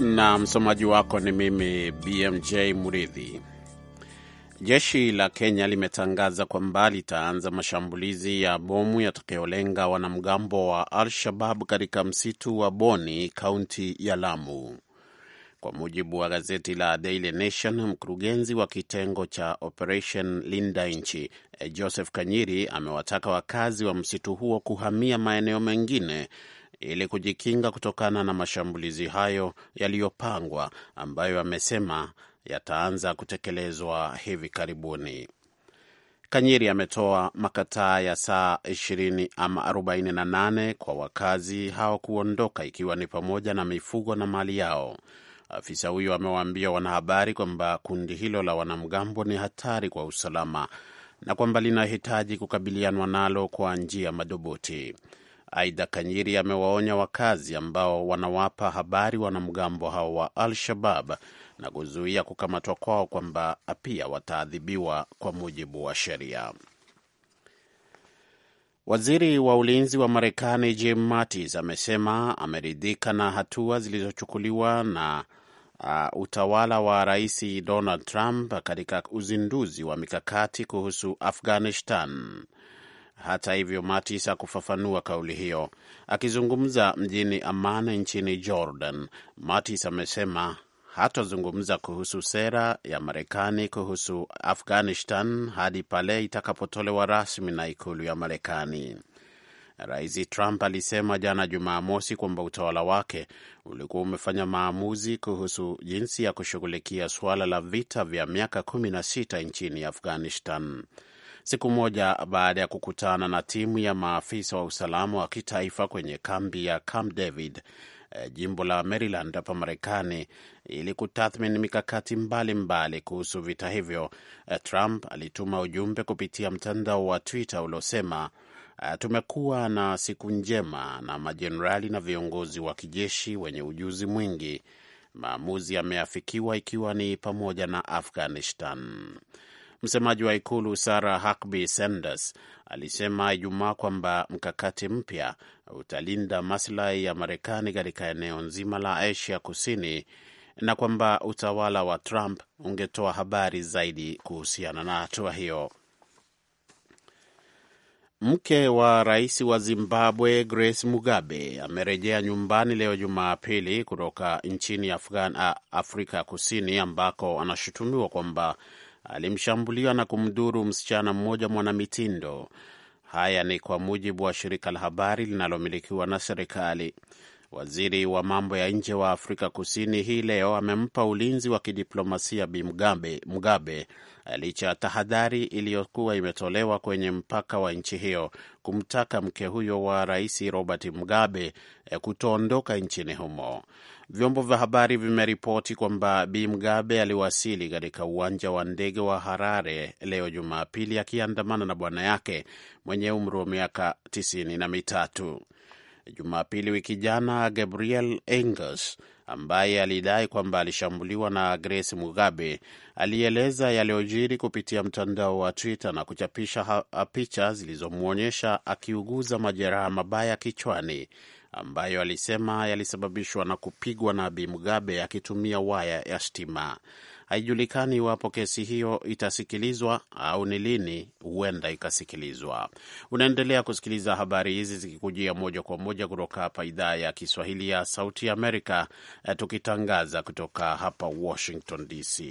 na msomaji wako ni mimi BMJ Muridhi. Jeshi la Kenya limetangaza kwamba litaanza mashambulizi ya bomu yatakayolenga wanamgambo wa Al-Shabab katika msitu wa Boni, kaunti ya Lamu. Kwa mujibu wa gazeti la Daily Nation, mkurugenzi wa kitengo cha Operation Linda Nchi Joseph Kanyiri amewataka wakazi wa msitu huo kuhamia maeneo mengine ili kujikinga kutokana na mashambulizi hayo yaliyopangwa ambayo amesema yataanza kutekelezwa hivi karibuni. Kanyiri ametoa makataa ya saa 20 ama 48 kwa wakazi hao kuondoka, ikiwa ni pamoja na mifugo na mali yao. Afisa huyo amewaambia wanahabari kwamba kundi hilo la wanamgambo ni hatari kwa usalama na kwamba linahitaji kukabilianwa nalo kwa njia madhubuti. Aidha, Kanyiri amewaonya wakazi ambao wanawapa habari wanamgambo hao wa Al-Shabab na kuzuia kukamatwa kwao kwamba pia wataadhibiwa kwa mujibu wa sheria. Waziri wa ulinzi wa Marekani Jim Mattis amesema ameridhika na hatua zilizochukuliwa na uh, utawala wa Rais Donald Trump katika uzinduzi wa mikakati kuhusu Afghanistan hata hivyo Mattis hakufafanua kauli hiyo. Akizungumza mjini Amman nchini Jordan, Mattis amesema hatazungumza kuhusu sera ya Marekani kuhusu Afghanistan hadi pale itakapotolewa rasmi na ikulu ya Marekani. Rais Trump alisema jana Jumamosi kwamba utawala wake ulikuwa umefanya maamuzi kuhusu jinsi ya kushughulikia suala la vita vya miaka 16 nchini Afghanistan siku moja baada ya kukutana na timu ya maafisa wa usalama wa kitaifa kwenye kambi ya Camp David eh, jimbo la Maryland hapa Marekani ili kutathmini mikakati mbalimbali kuhusu vita hivyo. Eh, Trump alituma ujumbe kupitia mtandao wa Twitter uliosema eh, tumekuwa na siku njema na majenerali na viongozi wa kijeshi wenye ujuzi mwingi. Maamuzi yameafikiwa ikiwa ni pamoja na Afghanistan. Msemaji wa ikulu Sarah Huckabee Sanders alisema Ijumaa kwamba mkakati mpya utalinda maslahi ya Marekani katika eneo nzima la Asia Kusini na kwamba utawala wa Trump ungetoa habari zaidi kuhusiana na hatua hiyo. Mke wa rais wa Zimbabwe Grace Mugabe amerejea nyumbani leo Jumapili kutoka nchini Afgan, Afrika Kusini ambako anashutumiwa kwamba alimshambulia na kumdhuru msichana mmoja mwanamitindo. Haya ni kwa mujibu wa shirika la habari linalomilikiwa na serikali. Waziri wa mambo ya nje wa Afrika Kusini hii leo amempa ulinzi wa kidiplomasia Bi Mugabe, Mugabe licha ya tahadhari iliyokuwa imetolewa kwenye mpaka wa nchi hiyo kumtaka mke huyo wa rais Robert Mugabe eh, kutoondoka nchini humo. Vyombo vya habari vimeripoti kwamba Bi Mugabe aliwasili katika uwanja wa ndege wa Harare leo Jumapili akiandamana na bwana yake mwenye umri wa miaka tisini na mitatu. Jumapili wiki jana, Gabriel Engels ambaye alidai kwamba alishambuliwa na Grace Mugabe alieleza yaliyojiri kupitia mtandao wa Twitter na kuchapisha picha zilizomwonyesha akiuguza majeraha mabaya kichwani ambayo alisema yalisababishwa na kupigwa na Bi Mugabe akitumia waya ya stima. Haijulikani iwapo kesi hiyo itasikilizwa au ni lini huenda ikasikilizwa. Unaendelea kusikiliza habari hizi zikikujia moja kwa moja kutoka hapa idhaa ya Kiswahili ya Sauti ya Amerika, eh, tukitangaza kutoka hapa Washington DC.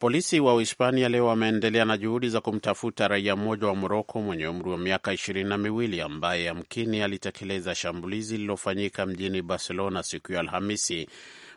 Polisi wa Uhispania leo wameendelea na juhudi za kumtafuta raia mmoja wa Moroko mwenye umri wa miaka ishirini na miwili ambaye yamkini alitekeleza shambulizi lililofanyika mjini Barcelona siku ya Alhamisi.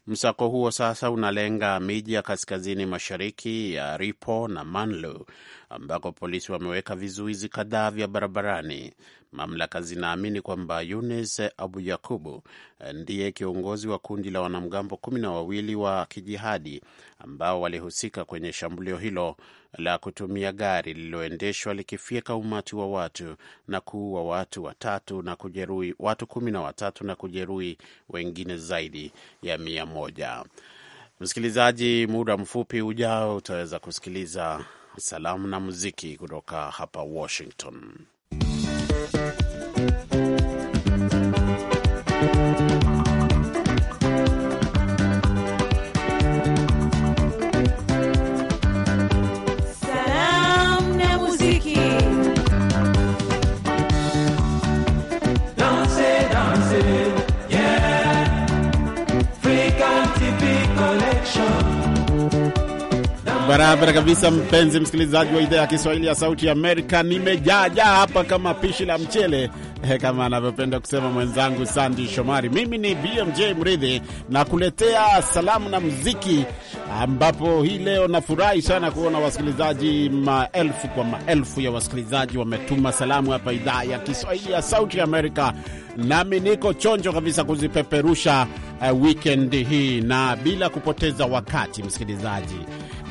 Msako huo sasa unalenga miji ya kaskazini mashariki ya Ripo na Manlu ambako polisi wameweka vizuizi kadhaa vya barabarani. Mamlaka zinaamini kwamba Yunis Abu Yakubu eh, ndiye kiongozi wa kundi la wanamgambo kumi na wawili wa kijihadi ambao walihusika kwenye shambulio hilo la kutumia gari lililoendeshwa likifyeka umati wa watu na kuua watu watatu na kujeruhi watu kumi na watatu na kujeruhi wengine zaidi ya mia moja. Msikilizaji, muda mfupi ujao utaweza kusikiliza salamu na muziki kutoka hapa Washington. Thank you. Barabara kabisa, mpenzi msikilizaji wa idhaa ya Kiswahili ya Sauti ya Amerika, nimejaajaa hapa kama pishi la mchele eh, kama anavyopenda kusema mwenzangu Sandi Shomari. Mimi ni BMJ Mridhi na kuletea salamu na muziki, ambapo hii leo nafurahi sana kuona wasikilizaji, maelfu kwa maelfu ya wasikilizaji wametuma salamu hapa idhaa ya Kiswahili ya Sauti ya Amerika, nami niko chonjo kabisa kuzipeperusha uh, eh, wikendi hii, na bila kupoteza wakati msikilizaji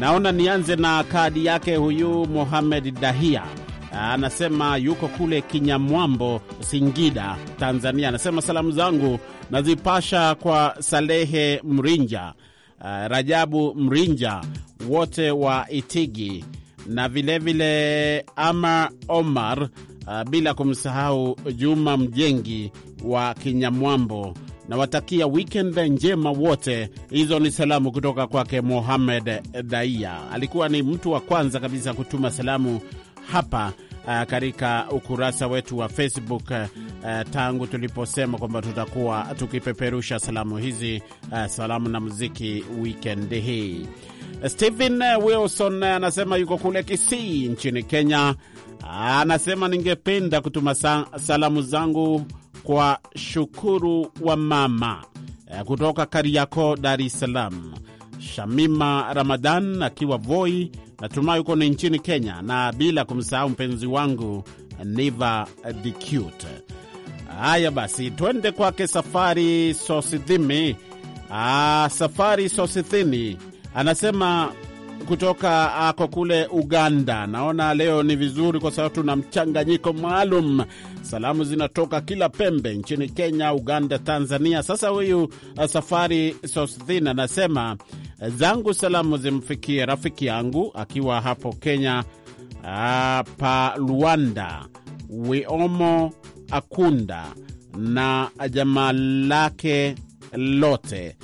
Naona nianze na kadi yake huyu Mohamed Dahia. Anasema yuko kule Kinyamwambo, Singida, Tanzania. Anasema salamu zangu nazipasha kwa Salehe Mrinja, uh, Rajabu Mrinja, wote wa Itigi na vilevile Ama Omar, uh, bila kumsahau Juma Mjengi wa Kinyamwambo Nawatakia wikend njema wote. Hizo ni salamu kutoka kwake Mohamed Daia, alikuwa ni mtu wa kwanza kabisa kutuma salamu hapa Uh, katika ukurasa wetu wa Facebook uh, tangu tuliposema kwamba tutakuwa tukipeperusha salamu hizi uh, salamu na muziki wikend hii. Stephen Wilson anasema yuko kule Kisii nchini Kenya. Anasema ningependa kutuma salamu zangu kwa Shukuru wa mama eh, kutoka kariako Dar es Salaam. Shamima Ramadan akiwa Voi, natumai huko ni nchini Kenya, na bila kumsahau mpenzi wangu Niva Dicute. Haya basi, twende kwake Safari Sosidhimi. Ah, Safari Sosithini anasema kutoka ah, ako kule Uganda. Naona leo ni vizuri kwa sababu tuna mchanganyiko maalum, salamu zinatoka kila pembe nchini Kenya, Uganda, Tanzania. Sasa huyu ah, Safari Sosthin anasema eh, zangu salamu zimfikie rafiki yangu akiwa hapo Kenya, ah, pa Luanda, Wiomo Akunda na jamaa lake lote.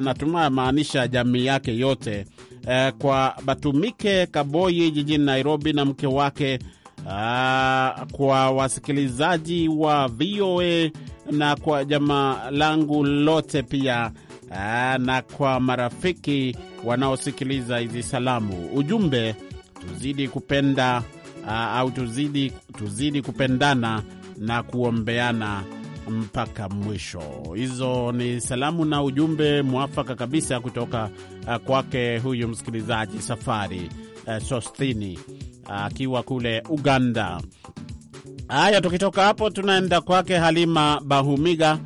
Natumai maanisha jamii yake yote eh, kwa Batumike Kaboyi jijini Nairobi na mke wake ah, kwa wasikilizaji wa VOA na kwa jamaa langu lote pia ah, na kwa marafiki wanaosikiliza hizi salamu. Ujumbe, tuzidi kupenda ah, au tuzidi, tuzidi kupendana na kuombeana mpaka mwisho. Hizo ni salamu na ujumbe mwafaka kabisa kutoka uh, kwake huyu msikilizaji Safari uh, Sostini uh, akiwa uh, kule Uganda. Haya, tukitoka hapo tunaenda kwake Halima Bahumiga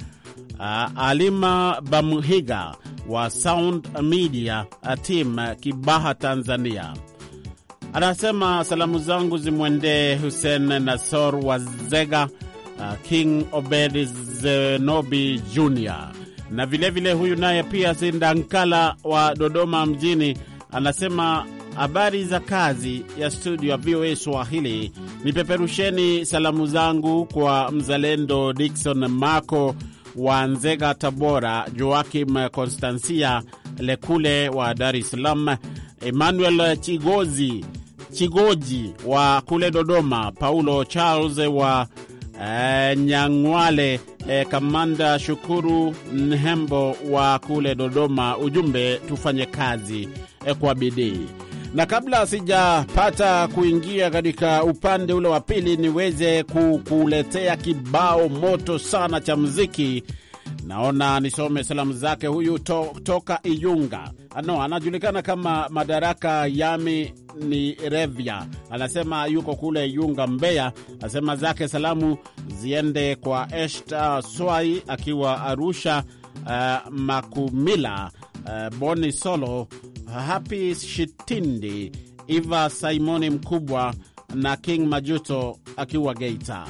uh, Halima Bamhiga wa Sound Media uh, Team uh, Kibaha, Tanzania. Anasema salamu zangu zimwendee Hussein Nasor Wazega uh, King Obed Zenobi Jr na vilevile vile huyu naye pia Sindankala wa Dodoma mjini anasema habari za kazi ya studio ya VOA Swahili, nipeperusheni salamu zangu kwa mzalendo Dikson Marco wa Nzega, Tabora, Joakim Konstansia Lekule wa Dar es Salaam, Emmanuel Chigozi Chigoji wa kule Dodoma, Paulo Charles wa Eh, Nyang'wale e, Kamanda Shukuru Nhembo wa kule Dodoma. Ujumbe tufanye kazi e, kwa bidii na kabla sijapata kuingia katika upande ule wa pili, niweze kukuletea kibao moto sana cha muziki Naona nisome salamu zake huyu to, toka Iyunga no, anajulikana kama Madaraka Yami ni Revya, anasema yuko kule Iyunga, Mbeya. Anasema zake salamu ziende kwa Eshta Swai akiwa Arusha, uh, Makumila, uh, Boni Solo, hapi Shitindi, Iva Simoni Mkubwa na King Majuto akiwa Geita.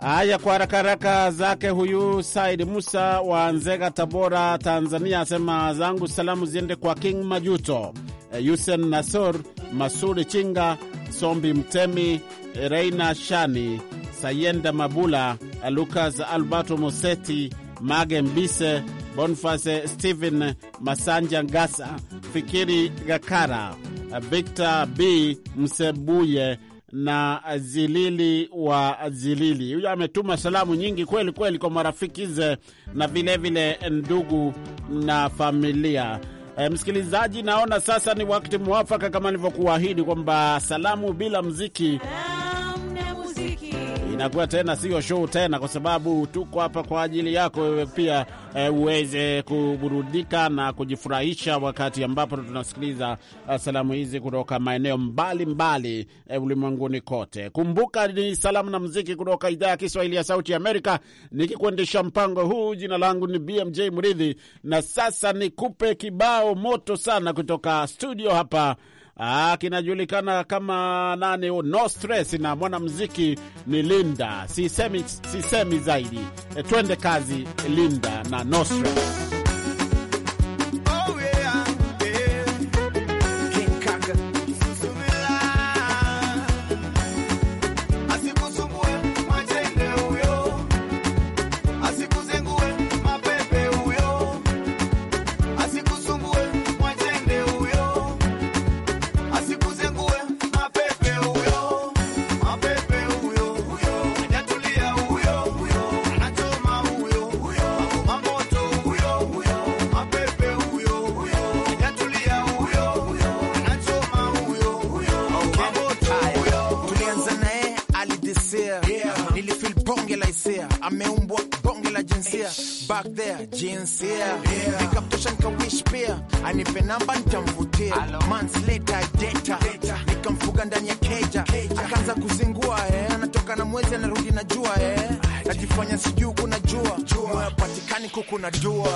Haya, kwa haraka haraka zake huyu Said Musa wa Nzega, Tabora, Tanzania, asema zangu salamu ziende kwa King Majuto, eh, Yusen Nasor, Masuri Chinga, Sombi Mtemi, Reina Shani, Sayenda Mabula, Lukas Alberto Moseti, Mage Mbise, Bonface Stephen Masanja Ngasa, Fikiri Gakara, Victor B Msebuye na Zilili wa Zilili. Huyo ametuma salamu nyingi kweli kweli kwa marafiki ze na vilevile vile ndugu na familia. E, msikilizaji, naona sasa ni wakati mwafaka kama nilivyokuahidi kwamba salamu bila mziki inakuwa tena sio show tena, kwa sababu tuko hapa kwa ajili yako wewe pia e, uweze kuburudika na kujifurahisha wakati ambapo tunasikiliza eh, salamu hizi kutoka maeneo mbalimbali e, ulimwenguni kote. Kumbuka ni salamu na muziki kutoka idhaa ya Kiswahili ya Sauti Amerika, nikikuendesha mpango huu. Jina langu ni BMJ Mridhi, na sasa nikupe kibao moto sana kutoka studio hapa Ah, kinajulikana kama nani, no stress, na mwanamuziki ni Linda. Sisemi, sisemi zaidi. E, twende kazi Linda na no stress. back there, jinsia yeah. Nikamtosha nikawish pia anipe namba nitamvutia. Months later data nikamfuga ndani ya keja, akaanza kuzingua eh. Anatoka na mwezi anarudi na jua eh. Najifanya sijui kuna jua, patikani kuku na jua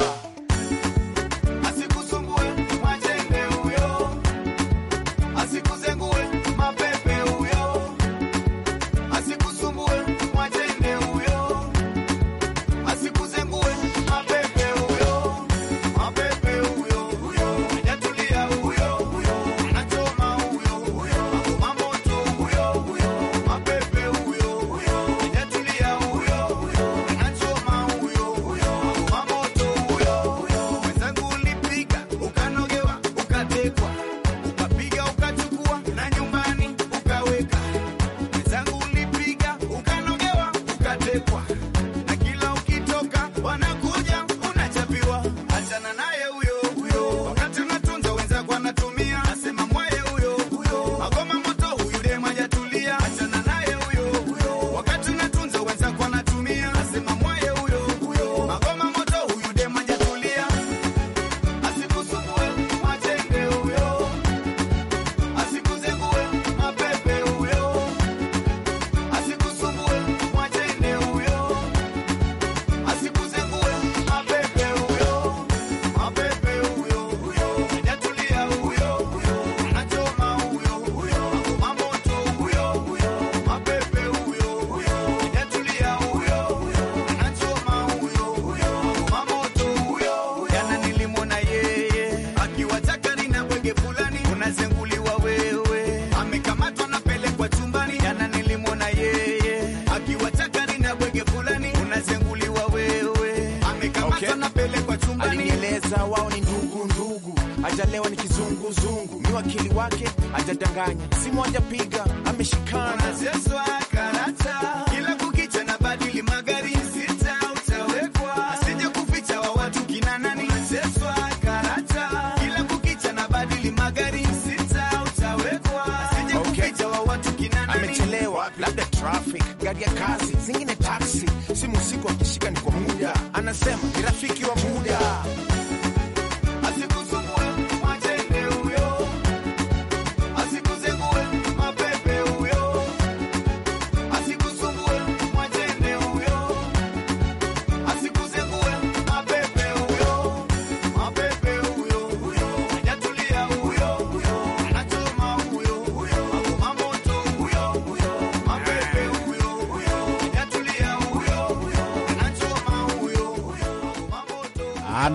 gari ya kazi, zingine taksi, simu usiku akishika ni kwa muda, anasema ni rafiki wa muda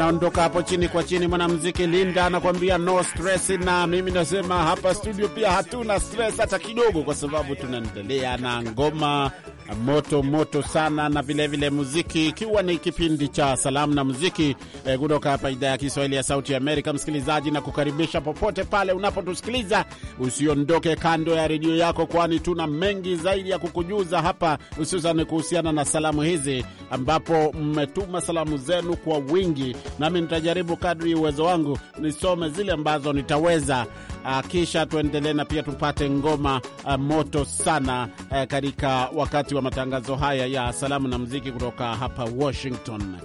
anaondoka hapo chini kwa chini. Mwanamuziki Linda anakuambia no stress, na mimi nasema hapa studio pia hatuna stress hata kidogo, kwa sababu tunaendelea na ngoma moto moto sana, na vilevile vile muziki, ikiwa ni kipindi cha salamu na muziki eh, kutoka eh, hapa idhaa ya Kiswahili ya Sauti ya Amerika. Msikilizaji, na kukaribisha popote pale unapotusikiliza, usiondoke kando ya redio yako, kwani tuna mengi zaidi ya kukujuza hapa, hususan kuhusiana na salamu hizi, ambapo mmetuma salamu zenu kwa wingi, nami nitajaribu kadri uwezo wangu nisome zile ambazo nitaweza Ah, kisha tuendelee na pia tupate ngoma ah, moto sana eh, katika wakati wa matangazo haya ya salamu na mziki kutoka hapa Washington.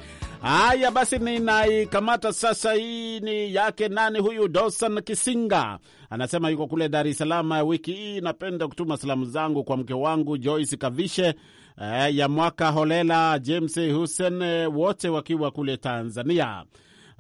Haya basi, ninaikamata sasa. Hii ni yake nani huyu? Dosan Kisinga anasema yuko kule Dar es Salaam. Eh, wiki hii napenda kutuma salamu zangu kwa mke wangu Joyce Kavishe, eh, ya mwaka Holela, James Hussein, eh, wote wakiwa kule Tanzania.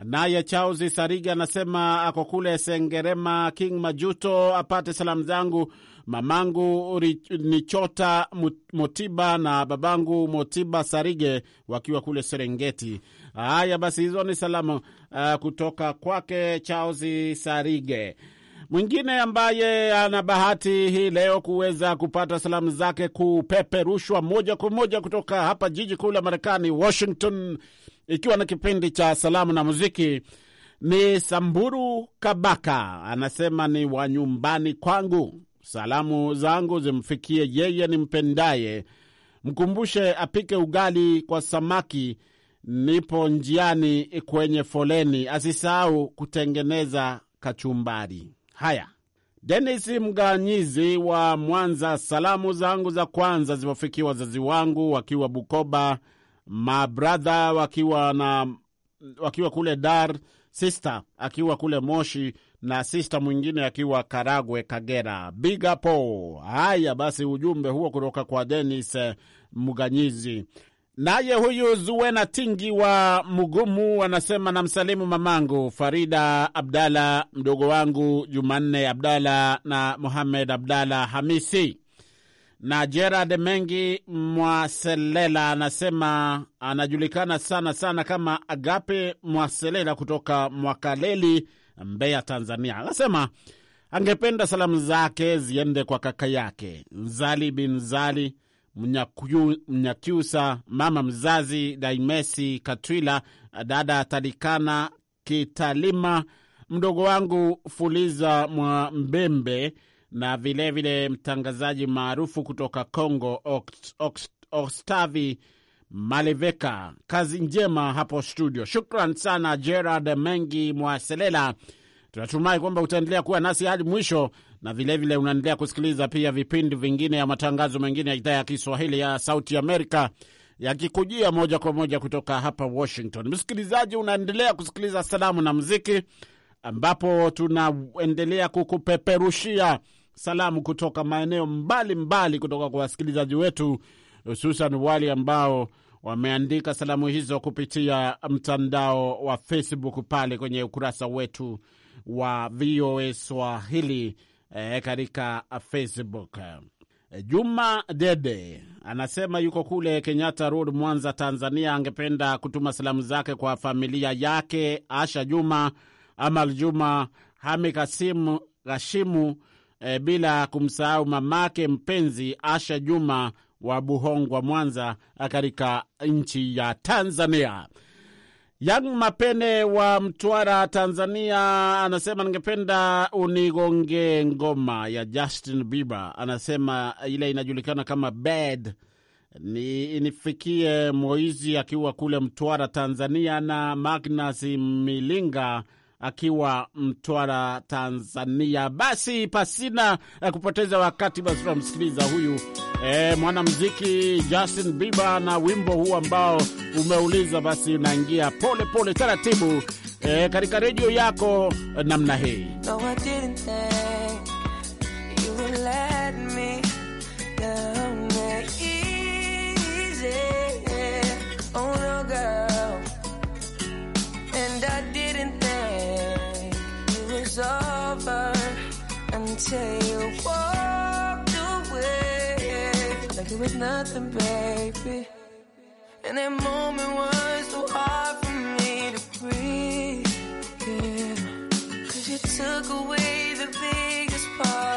Naye Chausi Sariga anasema ako kule Sengerema, King Majuto apate salamu zangu mamangu Nichota Motiba na babangu Motiba Sarige wakiwa kule Serengeti. Haya basi, hizo ni salamu uh, kutoka kwake Chausi Sarige. Mwingine ambaye ana bahati hii leo kuweza kupata salamu zake kupeperushwa moja kwa moja kutoka hapa jiji kuu la Marekani, Washington ikiwa na kipindi cha salamu na muziki. Ni Samburu Kabaka anasema ni wa nyumbani kwangu, salamu zangu zimfikie yeye nimpendaye, mkumbushe apike ugali kwa samaki, nipo njiani kwenye foleni, asisahau kutengeneza kachumbari. Haya, Denis Mganyizi wa Mwanza, salamu zangu za kwanza ziwafikia wazazi wangu wakiwa Bukoba mabradha wakiwa na wakiwa kule Dar, sister akiwa kule Moshi na sista mwingine akiwa Karagwe, Kagera. Big Haya basi, ujumbe huo kutoka kwa Denis eh, Muganyizi. Naye huyu Zuena Tingi wa Mugumu anasema namsalimu mamangu Farida Abdala, mdogo wangu Jumanne Abdala na Muhamed Abdala Hamisi na Gerard Mengi Mwaselela anasema anajulikana sana sana kama Agape Mwaselela kutoka Mwakaleli, Mbeya, Tanzania. Anasema angependa salamu zake ziende kwa kaka yake mzali bin Zali Mnyakyusa, mama mzazi Daimesi Katwila, dada Talikana Kitalima, mdogo wangu Fuliza Mwa Mbembe na vilevile vile mtangazaji maarufu kutoka Congo Ostavi Maliveka. Kazi njema hapo studio. Shukran sana Gerard Mengi Mwaselela. Tunatumai kwamba utaendelea kuwa nasi hadi mwisho, na vilevile unaendelea kusikiliza pia vipindi vingine ya matangazo mengine ya idhaa ya Kiswahili ya Sauti Amerika yakikujia moja kwa moja kutoka hapa Washington. Msikilizaji, unaendelea kusikiliza Salamu na Muziki, ambapo tunaendelea kukupeperushia salamu kutoka maeneo mbalimbali mbali kutoka kwa wasikilizaji wetu, hususan wale ambao wameandika salamu hizo kupitia mtandao wa Facebook pale kwenye ukurasa wetu wa VOA Swahili e, katika Facebook. Juma Dede anasema yuko kule Kenyatta Road, Mwanza, Tanzania. Angependa kutuma salamu zake kwa familia yake Asha Juma, Amal Juma, Hami Kasimu, Kashimu e, bila kumsahau mamake mpenzi Asha Juma wa Buhongwa, Mwanza, katika nchi ya Tanzania. Yang Mapene wa Mtwara, Tanzania, anasema ningependa unigonge ngoma ya Justin Bieber. Anasema ile inajulikana kama Bad ni inifikie Moizi akiwa kule Mtwara, Tanzania, na Magnus Milinga akiwa Mtwara, Tanzania. Basi pasina eh, kupoteza wakati, basi tunamsikiliza huyu e, mwanamuziki Justin Bieber na wimbo huu ambao umeuliza, basi unaingia pole pole taratibu e, katika redio yako namna hii no, tell you walked away like it was nothing, baby. And that moment was so hard for me to breathe. Yeah. Cause you took away the biggest part.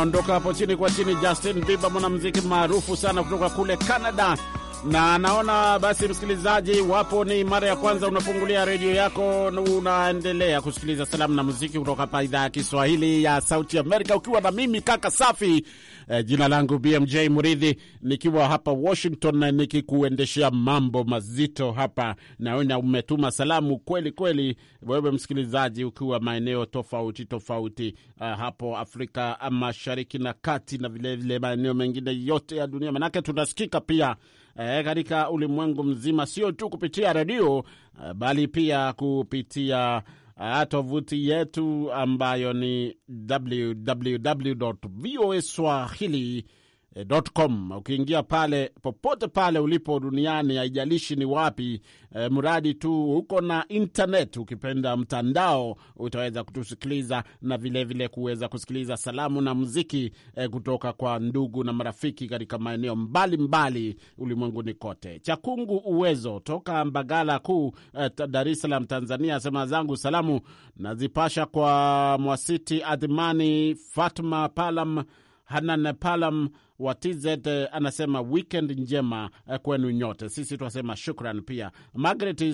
anaondoka hapo chini kwa chini. Justin Bieber, mwanamuziki maarufu sana kutoka kule Canada na naona basi, msikilizaji, wapo ni mara ya kwanza unafungulia redio yako, unaendelea kusikiliza salamu na muziki kutoka hapa idhaa ya Kiswahili ya Sauti Amerika, ukiwa na mimi kaka safi e, jina langu BMJ Muridhi, nikiwa hapa Washington nikikuendeshea mambo mazito hapa. Naona umetuma salamu kweli kweli, wewe msikilizaji, ukiwa maeneo tofauti tofauti, uh, hapo Afrika Mashariki na Kati na vilevile maeneo mengine yote ya dunia, manake tunasikika pia eh, katika ulimwengu mzima, sio tu kupitia redio eh, bali pia kupitia eh, tovuti yetu ambayo ni www voa swahili Eh, com. Ukiingia pale popote pale ulipo duniani, haijalishi ni wapi e, mradi tu huko na internet, ukipenda mtandao, utaweza kutusikiliza na vilevile kuweza kusikiliza salamu na muziki e, kutoka kwa ndugu na marafiki katika maeneo mbalimbali ulimwenguni kote. Chakungu Uwezo toka Mbagala Kuu, e, Dar es Salaam, Tanzania, asema zangu salamu nazipasha kwa Mwasiti Adhimani, Fatma Palam, Hanan Palam wa TZ eh, anasema weekend njema eh, kwenu nyote. Sisi twasema shukran. Pia Margaret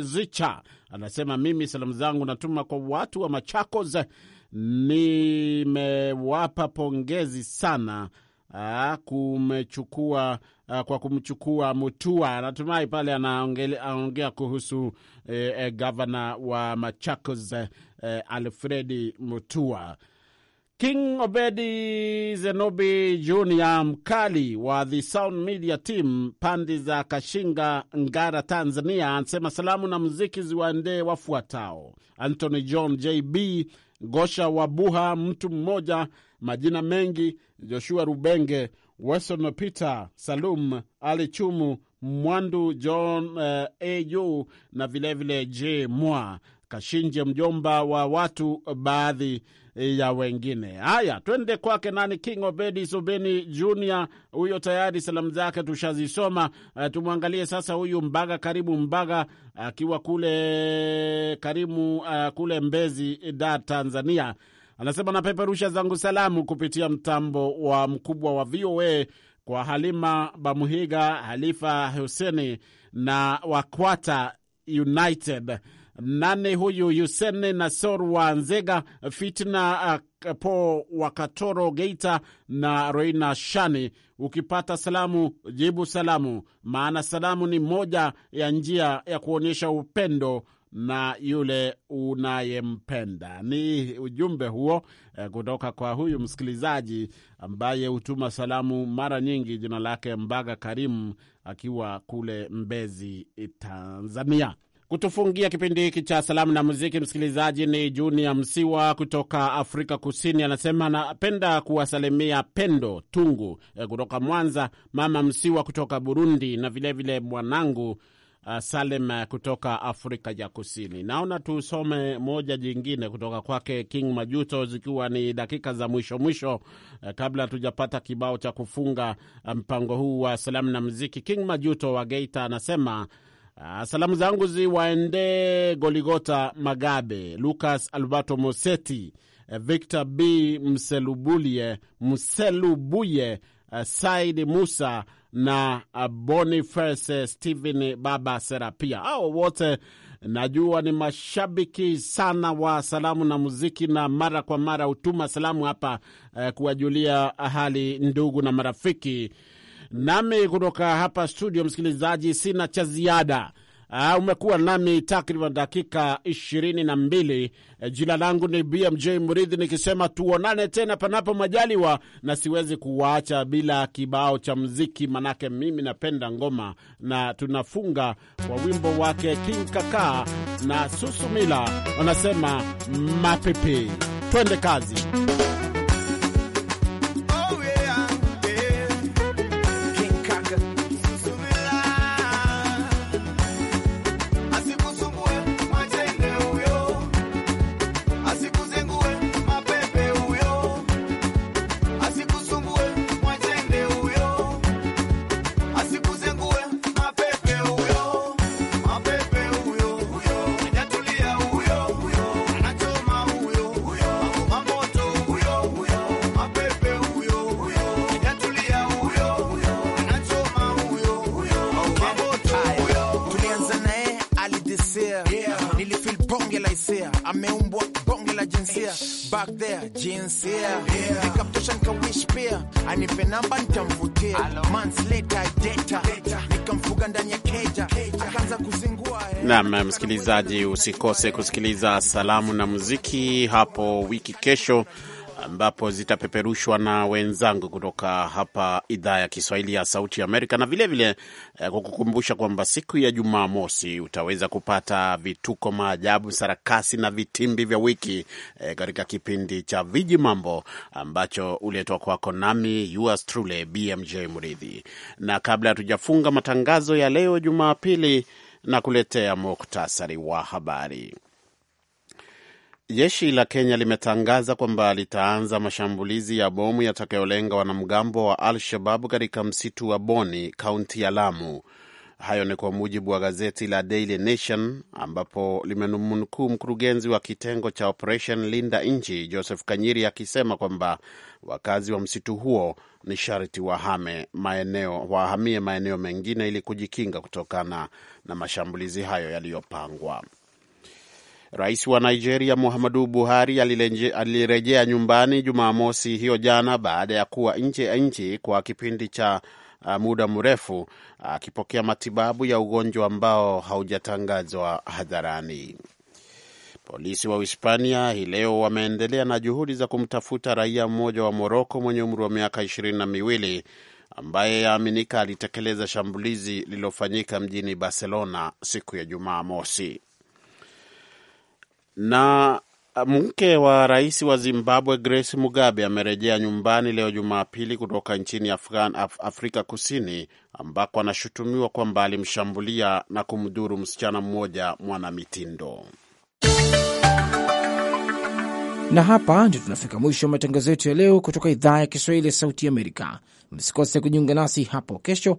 Zicha anasema mimi salamu zangu natuma kwa watu wa Machakos, nimewapa pongezi sana Aa, ah, kumechukua ah, kwa kumchukua Mutua. Natumai pale anaongea kuhusu eh, eh, gavana wa Machakos eh, Alfredi Mutua. King Obedi Zenobi Junior, mkali wa The Sound Media Team pandi za Kashinga, Ngara, Tanzania, anasema salamu na muziki ziwaendee wafuatao: Anthony John JB Gosha Wabuha, mtu mmoja, majina mengi, Joshua Rubenge, weson Peter, Salum Ali Chumu, Mwandu John uh, eh, au na vilevile J Mwa Kashinje, mjomba wa watu baadhi ya wengine. Haya, twende kwake nani, King Obedi Zubeni Junior. Huyo tayari salamu zake tushazisoma. Uh, tumwangalie sasa huyu Mbaga Karibu Mbaga akiwa uh, kule karibu uh, kule Mbezi, Dar, Tanzania. Anasema napeperusha zangu salamu kupitia mtambo wa mkubwa wa VOA kwa Halima Bamuhiga, Halifa Huseni na Wakwata United nane huyu Yusene Nasor wa Nzega, Fitna uh, Po Wakatoro Geita na Roina Shani. Ukipata salamu jibu salamu, maana salamu ni moja ya njia ya kuonyesha upendo na yule unayempenda. Ni ujumbe huo uh, kutoka kwa huyu msikilizaji ambaye hutuma salamu mara nyingi, jina lake Mbaga Karimu akiwa kule Mbezi, Tanzania. Kutufungia kipindi hiki cha salamu na muziki, msikilizaji, ni junia Msiwa kutoka Afrika Kusini. Anasema anapenda kuwasalimia Pendo Tungu eh, kutoka Mwanza, Mama Msiwa kutoka Burundi na vilevile mwanangu eh, Salem eh, kutoka Afrika ya Kusini. Naona tusome moja jingine kutoka kwake King Majuto, zikiwa ni dakika za mwisho mwisho kabla hatujapata kibao cha kufunga mpango huu wa salamu na muziki. King Majuto wa Geita anasema Ah, salamu zangu ziwaendee Goligota Magabe, Lucas Alberto Moseti, eh, Victor B Mselubulie, Mselubuye, eh, Saidi Musa na eh, Boniface Stephen Baba Serapia. Hao wote najua ni mashabiki sana wa salamu na muziki, na mara kwa mara hutuma salamu hapa eh, kuwajulia hali ndugu na marafiki nami kutoka hapa studio. Msikilizaji, sina cha ziada. Uh, umekuwa nami takriban dakika ishirini na mbili. Eh, jina langu ni BMJ Mridhi, nikisema tuonane tena panapo majaliwa, na siwezi kuwaacha bila kibao cha mziki, manake mimi napenda ngoma, na tunafunga kwa wimbo wake King Kaka na Susumila wanasema mapipi. Twende kazi. yeah. Nikamtosha nikawish pia anipe namba nitamvutia, mansleta data nikamfuga ndani ya keja, akaanza kuzingua. Eh. Naam, msikilizaji, usikose kusikiliza salamu na muziki hapo wiki kesho ambapo zitapeperushwa na wenzangu kutoka hapa idhaa ya Kiswahili ya Sauti Amerika, na vilevile vile, eh, kukukumbusha kwamba siku ya Jumamosi utaweza kupata vituko, maajabu, sarakasi na vitimbi vya wiki e, katika kipindi cha Viji Mambo ambacho uletwa kwako nami yours truly BMJ Mridhi, na kabla hatujafunga matangazo ya leo Jumapili na kuletea muktasari wa habari. Jeshi la Kenya limetangaza kwamba litaanza mashambulizi ya bomu yatakayolenga wanamgambo wa Al Shabab katika msitu wa Boni, kaunti ya Lamu. Hayo ni kwa mujibu wa gazeti la Daily Nation, ambapo limenumnukuu mkurugenzi wa kitengo cha Operation Linda Nchi, Joseph Kanyiri, akisema kwamba wakazi wa msitu huo ni sharti wahame maeneo, wahamie maeneo mengine ili kujikinga kutokana na mashambulizi hayo yaliyopangwa. Rais wa Nigeria Muhammadu Buhari alirejea nyumbani Jumamosi hiyo jana baada ya kuwa nje ya nchi kwa kipindi cha uh, muda mrefu akipokea matibabu ya ugonjwa ambao haujatangazwa hadharani. Polisi wa Uhispania hii leo wameendelea na juhudi za kumtafuta raia mmoja wa Moroko mwenye umri wa miaka ishirini na miwili ambaye yaaminika alitekeleza shambulizi lililofanyika mjini Barcelona siku ya Jumaa mosi. Na uh, mke wa rais wa Zimbabwe Grace Mugabe amerejea nyumbani leo Jumapili kutoka nchini Afgan, Af, Afrika Kusini ambako anashutumiwa kwamba alimshambulia na kumdhuru msichana mmoja mwanamitindo. Na hapa ndio tunafika mwisho wa matangazo yetu ya leo kutoka idhaa ya Kiswahili ya Sauti Amerika. Msikose kujiunga nasi hapo kesho